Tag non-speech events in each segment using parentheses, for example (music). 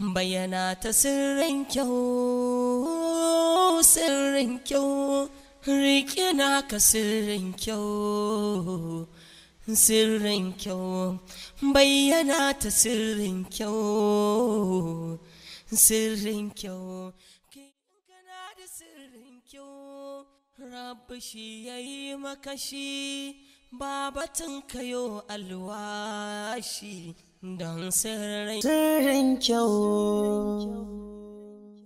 bayyana ta sirrin kyau sirrin kyau rike na ka sirrin kyau sirrin kyau bayyana ta sirrin kyau sirrin kyau kana da sirrin kyau rabu shi ya yi makashi babatun kayo alwashi don sirrin kyau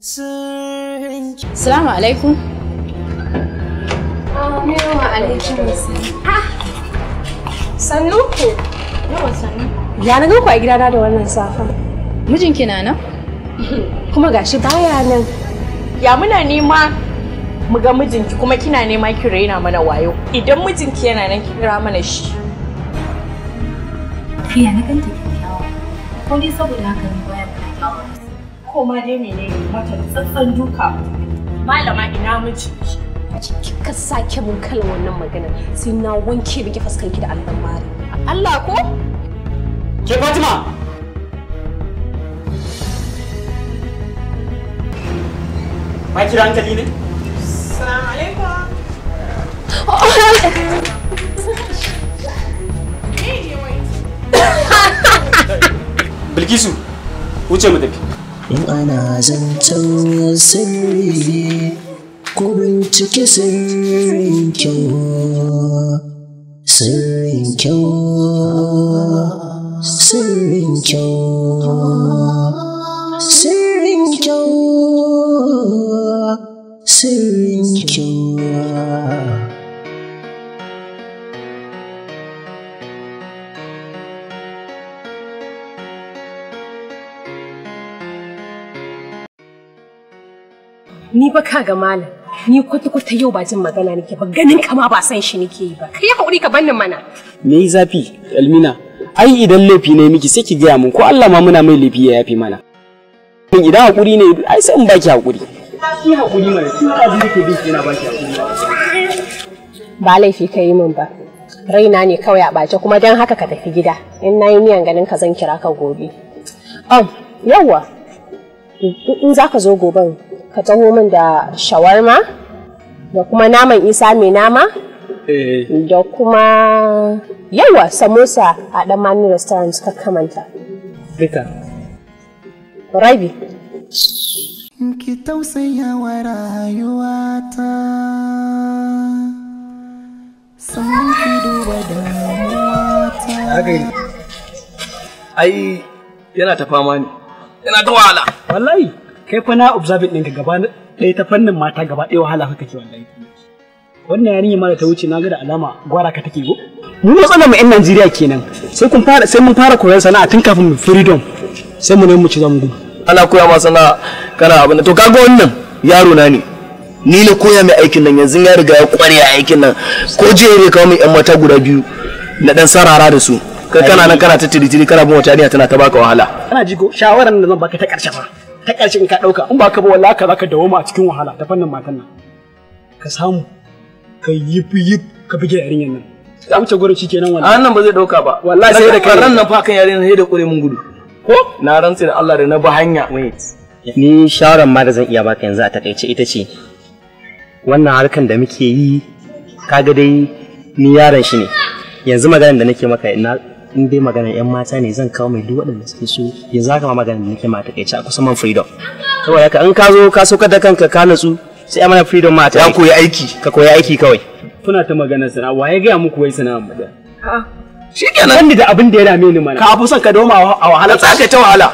sirrin kyau salamu alaikum yawa ah, alaikum sannu ku yawa sannu ya na ku a gidana da wannan safan mijinki na nan (laughs) kuma gashi baya nan ya muna nema mu ga mijinki kuma kina nema ki raina mana wayo idan mijinki yana nan kira mana shi ya na ganta ko dai saboda haka ne bayan kuma jawo ko ma dai ne mata tsatsan duka malama (laughs) ina miji kika sake mun kalan wannan magana sai na wanke miki fuskanki da Allah mare Allah ko ke Fatima Ma kira hankali ne? Assalamu alaikum. Oh, bilkisu wuce mu tafi in ana zancen sirri ko bincike sirrin kyau sirrin kyau sirrin kyau sirrin kyau sirrin kyau ni ba ka ga malam ni kwata-kwata yau ba jin magana nake ba ganin kama ba san shi nake yi ba kai haƙuri ka bannin mana me yi zafi almina ai idan laifi ne miki sai ki gaya mun ko Allah ma muna mai laifi ya yafi mana kin idan haƙuri ne ai sai in baki haƙuri ki haƙuri mana kin ka ke nake bin kina baki haƙuri ba laifi kai min ba raina ne kawai a bace kuma don haka ka tafi gida in na yi ganin ka zan kira ka gobe um yawa in za ka zo goben ka taho min da shawarma da kuma naman isa mai nama eh. da kuma yawa samosa a ɗan manu restaurant ka kamanta duka rabi ki tausaya wa rayuwata sannan ki duba damuwata ai yana ta fama ne yana ta wahala wallahi kai fa na observing ɗinka gaba ɗaya ta fannin mata gaba ɗaya wahala haka ke wallahi wannan yarinya ma da ta wuce na ga da alama gwara ka take go mu matsalar mu 'yan Najeriya kenan sai kun fara sai mun fara koyon sana'a tun kafin mu freedom sai mu ne mu ci zamu gudu ana koya ma sana'a kana abin to kaga wannan yaro na ne ni na koya mai aikin nan yanzu ya riga ya kware a aikin nan ko jiya ne kawo mai 'yan mata guda biyu na dan sarara da su kai kana nan kana ta tiritiri kana bin wata tana ta baka wahala kana ji ko shawaran da zan baka ta karshe fa ta ƙarshe in ka ɗauka in ba ka ba wallahi ka zaka mu a cikin wahala ta fannin matan nan ka samu ka yi yip ka bige yarinyar nan ka amce gurin shi kenan wannan nan ba zai ɗauka ba wallahi sai da kai ran nan fa kan yarinyan sai da kure mun gudu ko na rantsi da Allah da na ba hanya wait ni shawaran ma da zan iya baka yanzu a takaice ita ce wannan harkan da muke yi kaga dai ni yaron shi ne yanzu maganar da nake maka in dai magana yan mata ne zan kawo mai duk waɗanda suke so yanzu ka ma maganar nake ma takaice a kusa man freedom kawai haka in ka zo ka so ka da kanka ka natsu sai a mana freedom mata ya koyi aiki ka koyi aiki kawai kuna ta magana sana'a wa ya gaya muku wai sana'a mu da shi kenan kan da abin da ya dame ni mana ka fi son ka doma a wahala ka ta wahala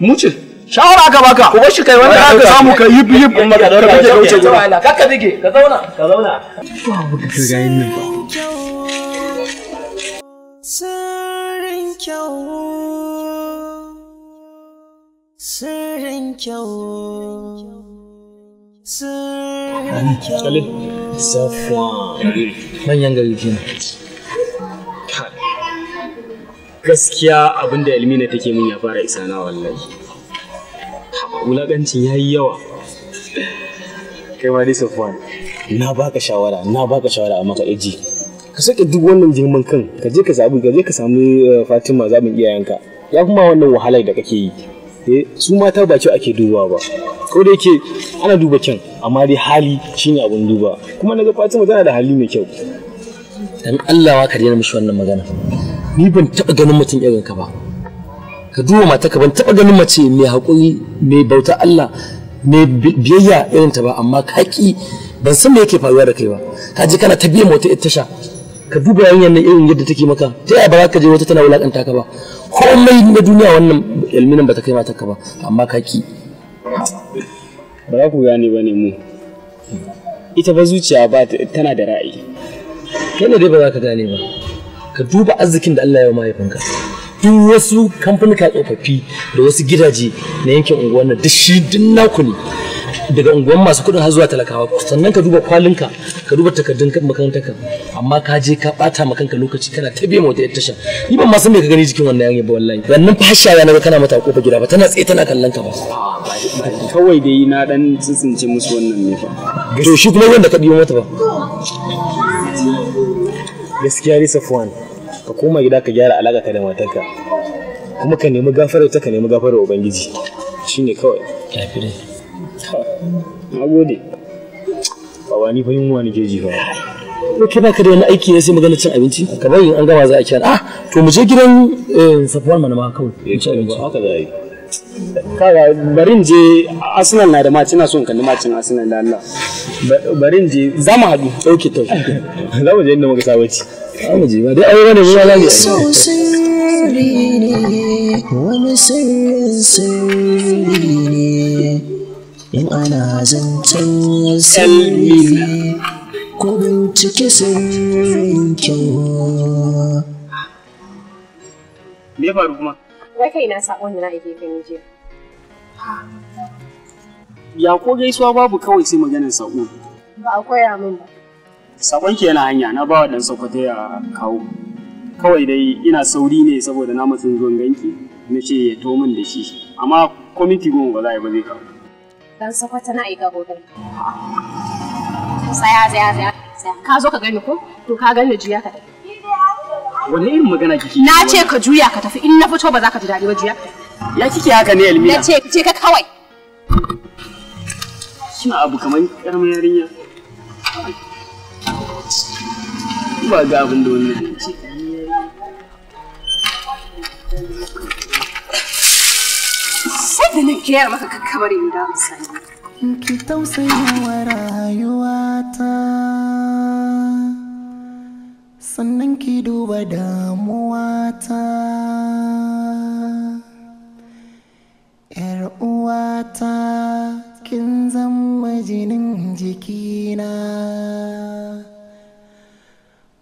mucin shawara aka baka ko shi kai wanda aka samu ka yi yib in maka dora ka wahala. ka ka dige ka zauna ka zauna ba ku ga yin nan ba sirrin kyau sirrin kyau sirrin kyau safwan manyan gari kenan gaskiya abinda ilmina take min ya fara isa na wallahi wulaƙancin ya yi yawa kai ma ni safwan na baka shawara na baka shawara a maka iji ka sake duk wannan girman kan ka je ka zabi ka je ka samu eh, Fatima zabin iyayenka ya kuma wannan wahalar da kake yi Eh su mata ba kyau ake dubawa ba ko da yake ana duba kyan amma dai hali shine abun duba kuma naga Fatima tana da hali mai kyau dan Allah ka daina mishi wannan magana ni ban taba ganin mutum irin ka ba ka duba mata ka ban taba ganin mace mai hakuri mai bauta Allah mai biyayya irin ta ba amma kaki ban san me yake faruwa da kai ba ka ji kana ta mota ita tasha ka duba yanyar nan irin yadda take maka ta yaya ba za ka je wata tana wulakanta ka ba komai na duniya wannan ilminin ba ta kai matar ka ba amma ka ki ba za ku gane ba ne mu ita ba zuciya ba tana da ra'ayi kai ne dai ba za ka gane ba ka duba arzikin da Allah ya yi mahaifinka duk wasu kamfanika tsofaffi da wasu gidaje na yankin unguwar nan duk shi duk naku ne daga unguwan masu kuɗin har zuwa talakawa sannan ka duba kwalinka ka duba takardun ka amma ka je ka bata ma kanka lokaci kana ta biya mota tasha ni ban ma san me ka gani jikin wannan yanya ba wallahi wannan fasha ya naga kana mata kofa gida ba tana tsaye tana kallon ka ba kawai dai na dan tsitsince musu wannan ne fa to shi kuma wanda ka biyo mata ba gaskiya ne Safwan ka koma gida ka gyara alaka ka da matarka kuma ka nemi gafarar ta ka nemi gafarar ubangiji shine kawai kafirai Na gode. Baba ni fa yunwa ke ji fa. Ke ka da wani aiki ne sai magana cin abinci? Ka bari an gama za a kira. Ah, to mu je gidan eh, Safuwan mana ma kawai. Mu ci abinci. Haka za a yi. Kaga barin je Arsenal na da match ina son kalli matchin Arsenal da Allah. Barin je za mu haɗu. Okay to. Za mu je inda muka saba ci. Za mu je ba dai aure ne mu za mu yi. Wani sirrin sirri ne. in ana zancen sirri ko bincike sirrin kyau me faru kuma wai kai na sakon da na ake gani jiya ya ko gaisuwa babu kawai sai maganin sako ba a koya min ba sakon ki yana hanya na bawa dan sokoto ya kawo kawai dai ina sauri ne saboda na matsin zuwan ganki na ce ya to min da shi amma kwamiti goma ba za a yi ba zai kawo dan sakwata na aika gobe tsaya tsaya tsaya ka zo ka gani ko to ka gani juya ka tafi wanne irin magana kike na ce ka juya ka tafi in na fito ba za ka ji daɗi ba juya ya kike haka ne elmina na ce ce ka kawai kina abu kamar yar yarinya ba ga abin da wannan ne. da na Ki wa rayuwata sannan ki duba damuwata. ‘Yar uwata kin zan jinin jikina,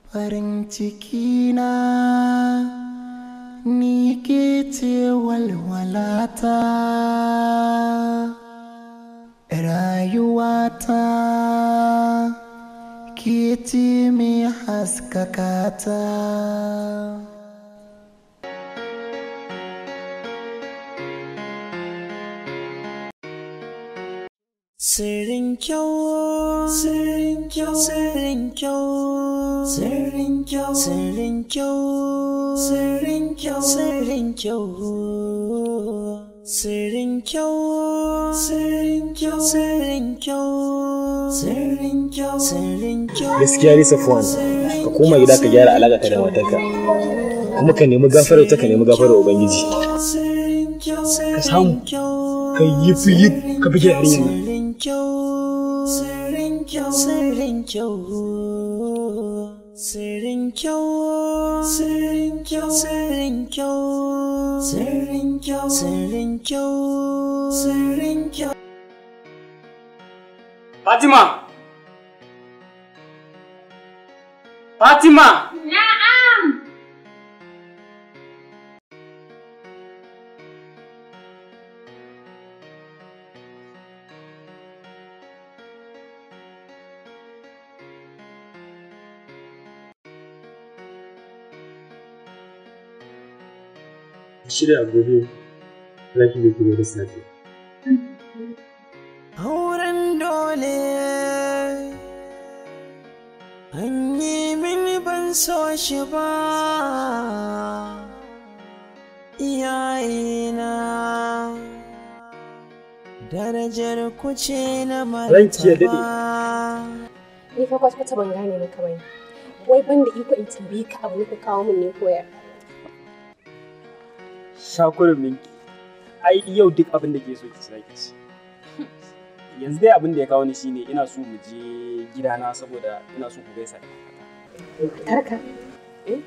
farin cikina ni ke الجيت Walwalata, رايواتا كيتي مي حسككاتا Sitting cow, sitting sirrin kyau sirrin kyau sirrin kyau sirrin kyau sirrin kyau sirrin kyau sirrin kyau gaskiya ne safwan ka koma gida ka gyara alaka ka da matarka kuma ka nemi gafarar ta ka nemi gafarar ubangiji ka samu ka yi fi ka fi gyara yin sirrin kyau sirrin kyau Sirrin kyau, sirrin kyau, sirrin kyau, sirrin kyau, sirrin kyau, sirrin kyau. Fatima! Fatima! shirya gobe lafi da kuma da safe. dole an min mini ban so shi ba darajar kuce na mara Ni fa kwata Wai ban da iko in tambaye ka abu ne ka kawo min ne koyar. shakurin minki ai yau duk abin da ke so ki sake shi yanzu dai abin da ya kawo ni shine ina so mu je gidana saboda ina so ku gaisa tarka eh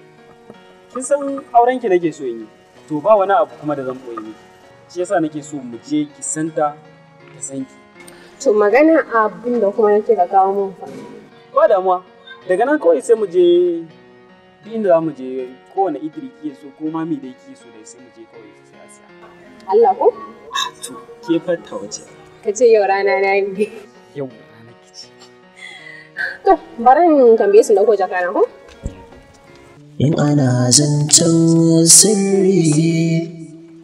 kin san auren ki nake so in yi to ba wani abu kuma da zan boye miki shi yasa nake so mu je ki santa ta san ki to magana abin da kuma nake ka kawo mun fa ba damuwa daga nan kawai sai mu je duk inda za mu je kowane idiri ke so ko ma me dai yake so da sai mu je kawai ta a siya. Allah ko? To ke fatta waje. Ka ce yau rana na yi. Yau rana ki ce. To barin tambaye su na ko jaka na ko? In ana zancen sirri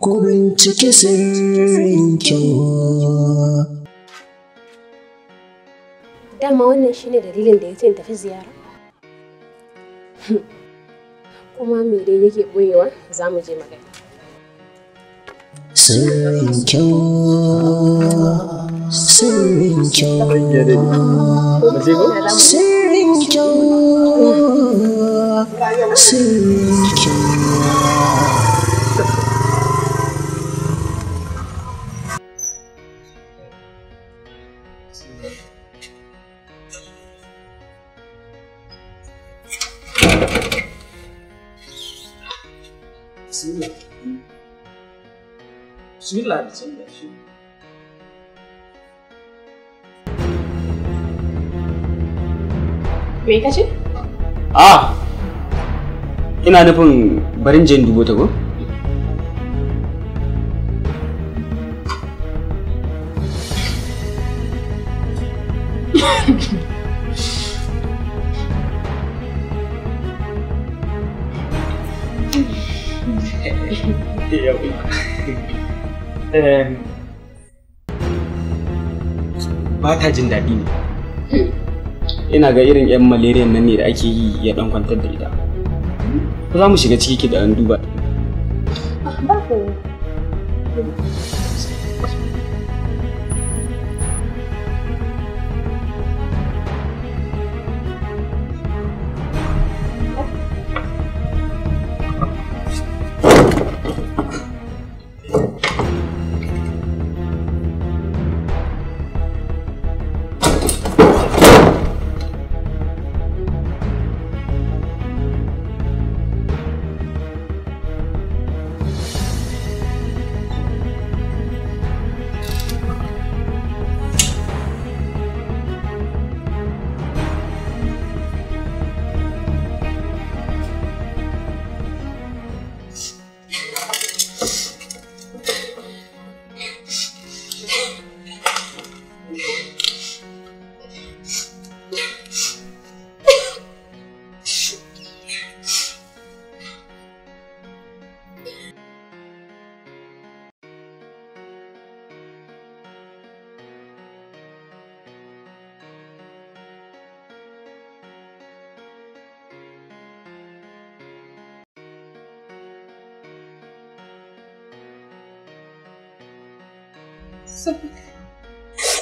ko bincike sirrin kyau. Dama wannan shine dalilin da ya ce in tafi ziyara. (laughs) kuma me dai yake boyewa za mu je magana sirrin kyau sirrin kyau sirrin kyau sirrin 谁来谁也去。Me ka ce? Ah, ina nufin barin jin dubo ta go? bata jin daɗi ne hmm. ina ga irin 'yan malaria nan ne da ake yi ya ɗan kwantar da ita za mu shiga ciki ki da an duba ah, ba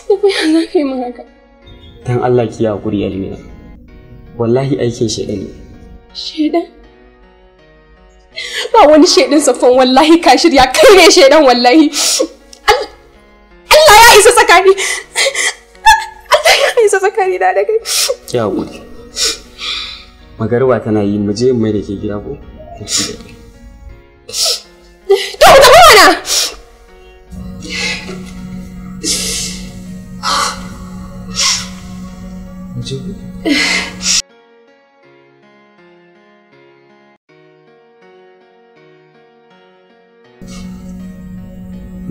Tafi ya za ka yi min haka. Dan Allah ki ya haƙuri Almina. Wallahi aikin shaidan ne. Shaidan? Ba wani shaidan safon wallahi ka shirya kai ne shaidan wallahi. Allah ya isa tsakani. Allah ya isa tsakani na da kai. Ki haƙuri. Magarba tana yi mu je mai da ke gida ko? Ki da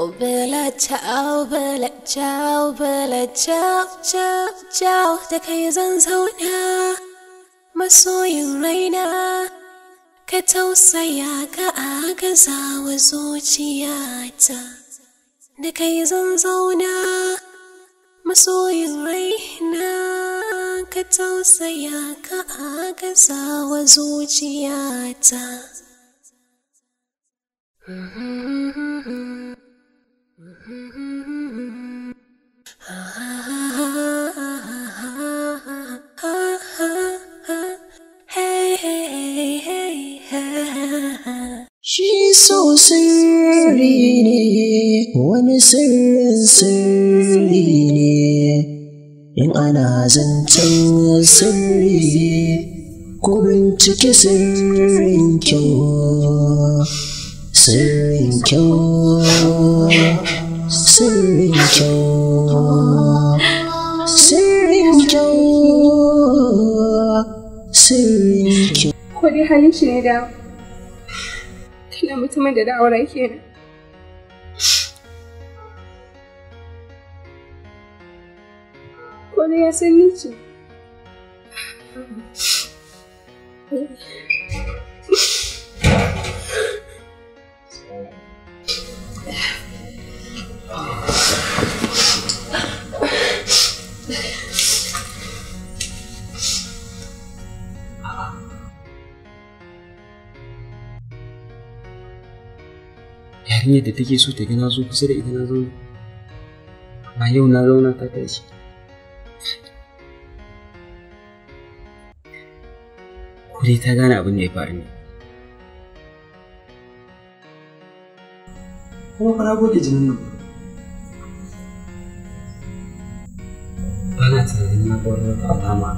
Oh Bella ciao Bella ciao Bella ciao ciao ciao da kai zan zauna masoyin raina ka tausaya ka agazawa zuciyata da kai zan zauna masoyin raina ka tausaya ka agazawa zuciyata mm -hmm. so sirri ne wani sirrin sirri ne in ana zancen sirri ko bincike sirrin kyau sirrin kyau sirrin kyau sirrin kyau sirrin kyau ko dai halin shi ne da shine mutumin da na aura kenan ko ne ya san ni ce hanyar da take so ta gina zo kusa da ita na zauna amma yau na zauna ta tashi ko dai ta gane abin da ya faru ne kuma fara goge jinin nan ba na tunanin na gwada da alama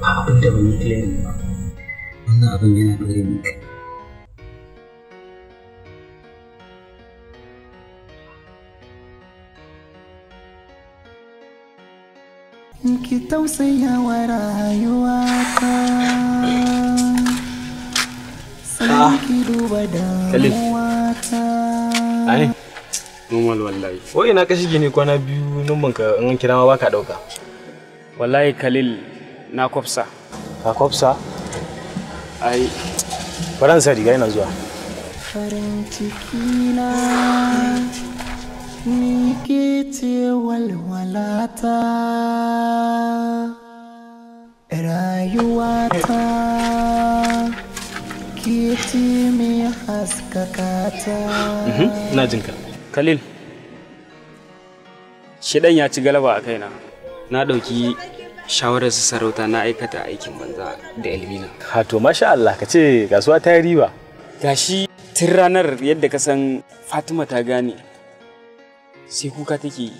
ba abin da ban yi ne. ba wannan abin yana ɗore min kai ki tausaya wa rayuwa ta sannan ki duba damuwa ta normal wallahi ko ina ka gini ne kwana biyu numban ka in kira ma baka dauka wallahi kalil na ka ai faransa riga yana zuwa farin ciki na ni ke ce walwalata rayuwata ke ce me haskaka ta mhm, ina jinka khalil shidan ya ci galaba a kaina na ɗauki shawarar su sarauta na aikata aikin banza da ilmina. Ha to masha Allah ka ce kasuwa ta yi riba. Gashi tun ranar yadda ka san Fatima ta gane sai kuka take yi.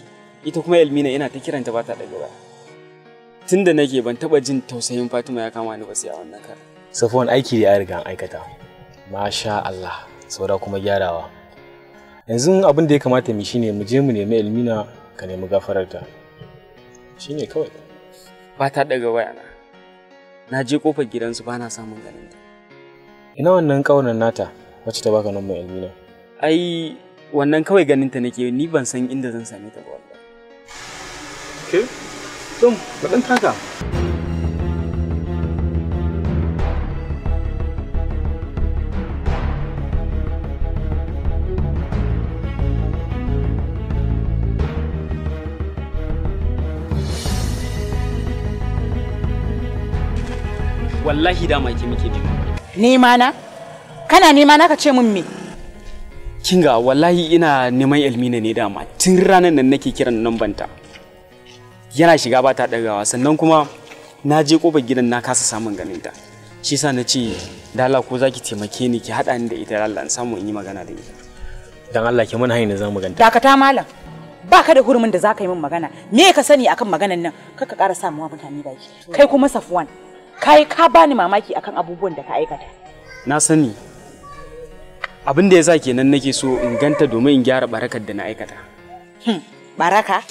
Ita kuma ilmina ina ta kiranta ba ta daga ba. Tun da nake ban taba jin tausayin Fatima ya kama ni ba sai a wannan kar. Safuwan aiki da ya riga an aikata. Masha Allah saura kuma gyarawa. Yanzu abin da ya kamata mu shine mu je mu nemi ilmina ka nemi gafararta. Shine kawai. ba ta daga wayana na je kofar gidansu ba na samun ganin ta ina wannan ƙaunar nata wacce ta baka nan mai ilmina ai wannan kawai ganin ta nake ni ban san inda zan same ta ba wallahi ke tom ka taka wallahi dama ke muke nema nema na kana nema na ka ce min me kinga wallahi ina neman ilmina ne dama tun ranar nan nake kiran nan banta yana shiga ba ta dagawa sannan kuma na je kofar gidan na kasa samun ganin ta shi sa na ce dala ko zaki taimake ni ki haɗa ni da ita Allah in samu in yi magana da ita dan Allah ki mun hanyar da zamu ganta dakata malam baka da hurumin da zaka yi min magana me ka sani akan maganan nan kaka ƙara samuwa mutane baki kai kuma Safwan kai ka bani mamaki akan abubuwan da ka aikata na sani abin da ya sa kenan nake so in ganta domin in gyara barakar da na aikata hmm, baraka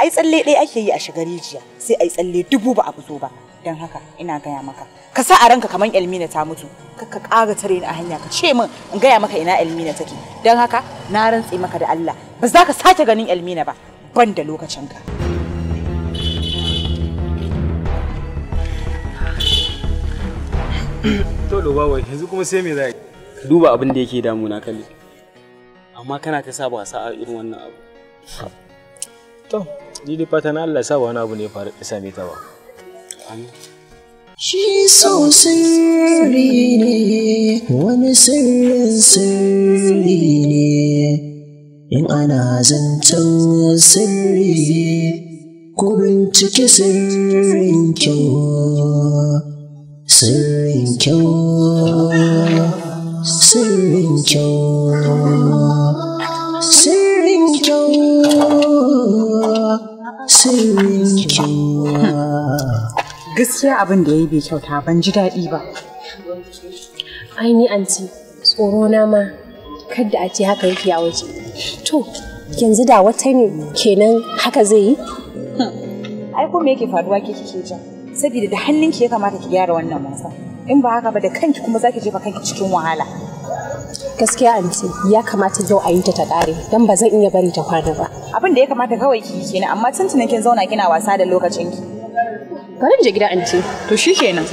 ai tsalle ɗaya ake yi a shiga rijiya sai ai tsalle dubu ba a fito ba don haka ina gaya maka ka sa a ranka kamar elmina ta mutu ka ƙara tare ni a hanya ka ce min in gaya maka ina elmina take don haka na rantse maka da allah ba za ka sake ganin elmina ba ban da lokacin ka to doba wai yanzu kuma sai me za yi duba abin da yake damuna kalli. amma kana ta sa ba sa'a irin wannan abu to ni dai fatan Allah sa wani abu ne ya faru da same ta ba Shi so sirri ne wani sirrin sirri ne in ana zancen sirri ko bincike sirrin kyau sirrin kyau kyau kyau kyau gaskiya abin da ya yi bai kyauta ban ji daɗi ba ai ni anti tsoro na ma kadda a ce haka yake a waje to yanzu da wata ne kenan haka zai yi ai ko me yake faruwa ke kike jan saboda da hannunki ya kamata ki gyara wannan wasa in ba haka ba da kanki kuma zaki jefa kanki cikin wahala gaskiya anti ya kamata yau a yi ta ta kare dan ba zan iya bari ta kwana ba abin da ya kamata kawai ki kenan amma tuntuna kin zauna kina wasa da lokacin ki bari je gida anti to shi kenan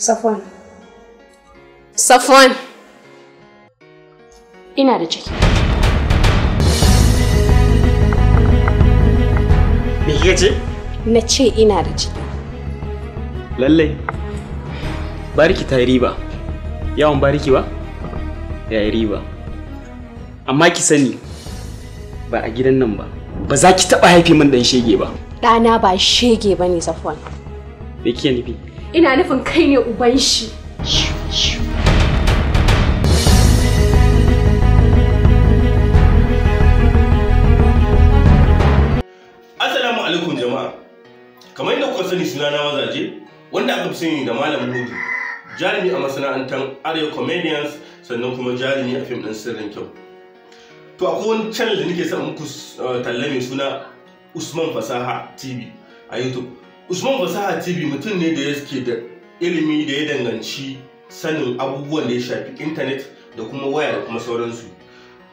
safwan Safwan. Ina da ciki. Me kike ce? Na ce ina da ciki. Lallai. Bariki ta yi riba. Yawan bariki ba? Ya yi riba. Amma ki sani ba a gidan nan ba. Ba za ki taɓa haife min ɗan shege ba. Ɗana ba shege ba ne Safwan. Me kike nufi? Ina nufin kai ne uban shi. Shoo, shoo. kamar yadda kuka sani suna na mazaje wanda aka fi sani da malam hudu jarumi a masana'antar arewa comedians sannan kuma jarumi a fim ɗin sirrin kyau to akwai wani channel da nake son muku eh, talla mai suna usman fasaha tv a youtube usman fasaha tv mutum ne da ya suke da ilimi da ya danganci sanin abubuwan da ya shafi intanet da kuma waya da kuma sauransu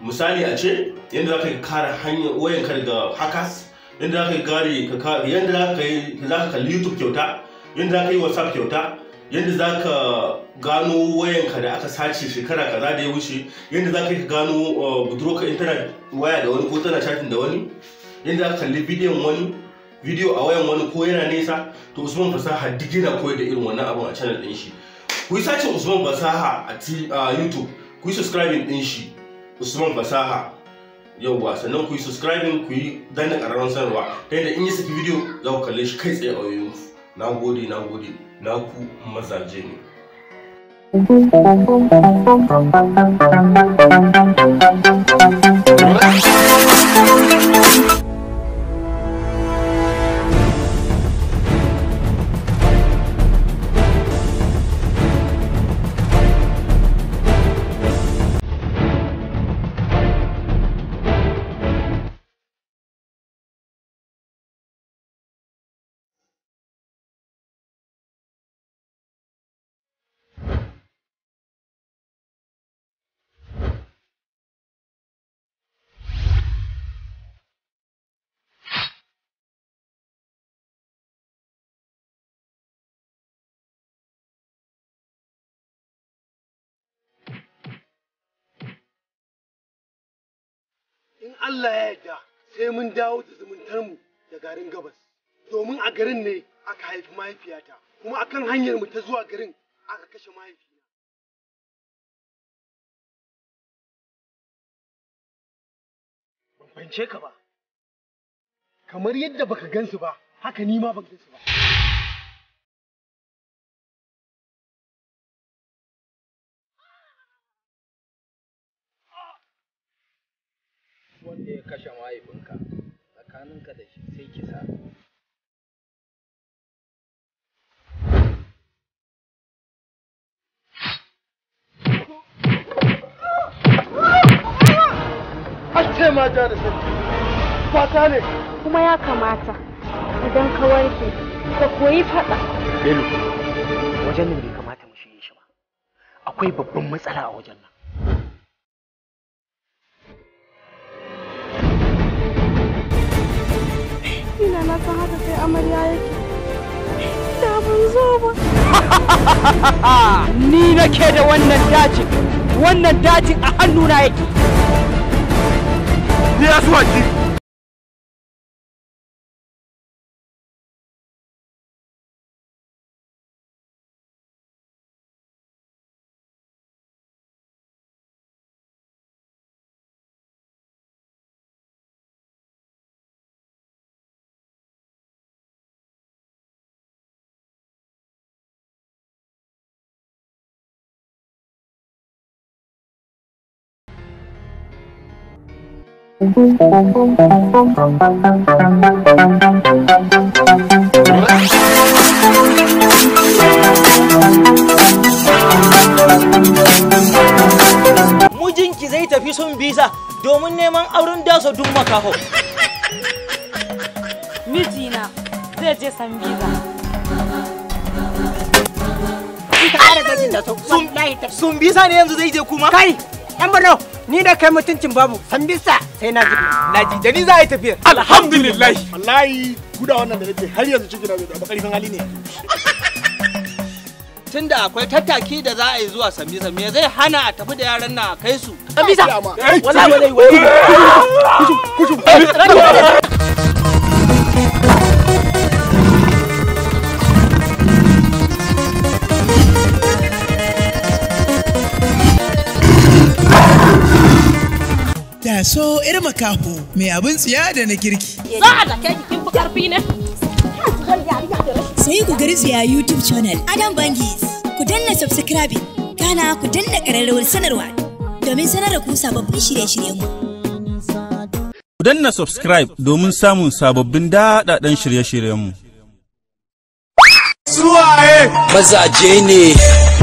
misali a ce yadda za ka kare hanyar wayanka daga hackers inda za ka yi gari ka yadda za yi za ka kalli youtube kyauta yadda za ka yi whatsapp kyauta yadda za ka gano wayanka da aka sace shekara kaza da ya wuce yadda za ka yi gano uh, budurwa ka intanet waya da wani ko tana chatting da wani yadda za ka kalli bidiyon wani bidiyo a wayan wani ko yana nesa to usman fasaha digina yana koyar da irin wannan abin a channel din shi ku yi sace usman fasaha a uh, youtube ku yi subscribing din shi usman fasaha yauwa sannan ku yi subscribe ku yi danna ƙararrawar sanarwa ta yadda in yi saki bidiyo za ku kalle shi kai tsaye a wayoyinku na gode na gode na ku mazaje ne Thank in Allah ya yarda sai mun dawo da mu da garin gabas. Domin a garin ne aka haifi mahaifiyata, kuma akan hanyar mu ta zuwa garin aka kashe mahaifi. Ban ka ba, kamar yadda baka gansu ba, haka ni ma ban gansu ba. wanda ya kashe mahaifinka tsakaninka da shi sai kisa ce fata ne kuma ya kamata idan ka warke ka koyi faɗa Bello wajen da bai kamata mu shirye shi ba akwai babban matsala a wajen nan na na san haka kai amarya yake da ban zo ba (laughs) ni nake da wannan dajin wannan dajin a hannuna yake ni ya suwa ki Mijinki zai tafi sun bisa domin neman auren dasa duk makaho. Mijina zai je san biza. Sun bisa ne yanzu zai je kuma? Kai! ‘Yan Borno! ni da kai mutuncin babu san bisa sai na ji na ji da ni za a yi tafiya alhamdulillah wallahi guda wannan da nake har yanzu cikin abin da karfin hali ne tunda akwai tattaki da za a yi zuwa sambisa me zai hana a tafi da yaran na kai su sambisa wallahi wallahi (laughs) so ir makaho mai abin tsiya da na kirki. Za a dake kin fi karfi ne? Sai ku garziya YouTube channel Adam Bangis. Ku danna subscribe. kana ku danna ƙararrawar sanarwa domin sanar da ku sababbin shirye-shiryenmu. Ku danna subscribe domin samun sababbin daɗaɗɗen shirye-shiryenmu. Suwaye! Mazaje ne!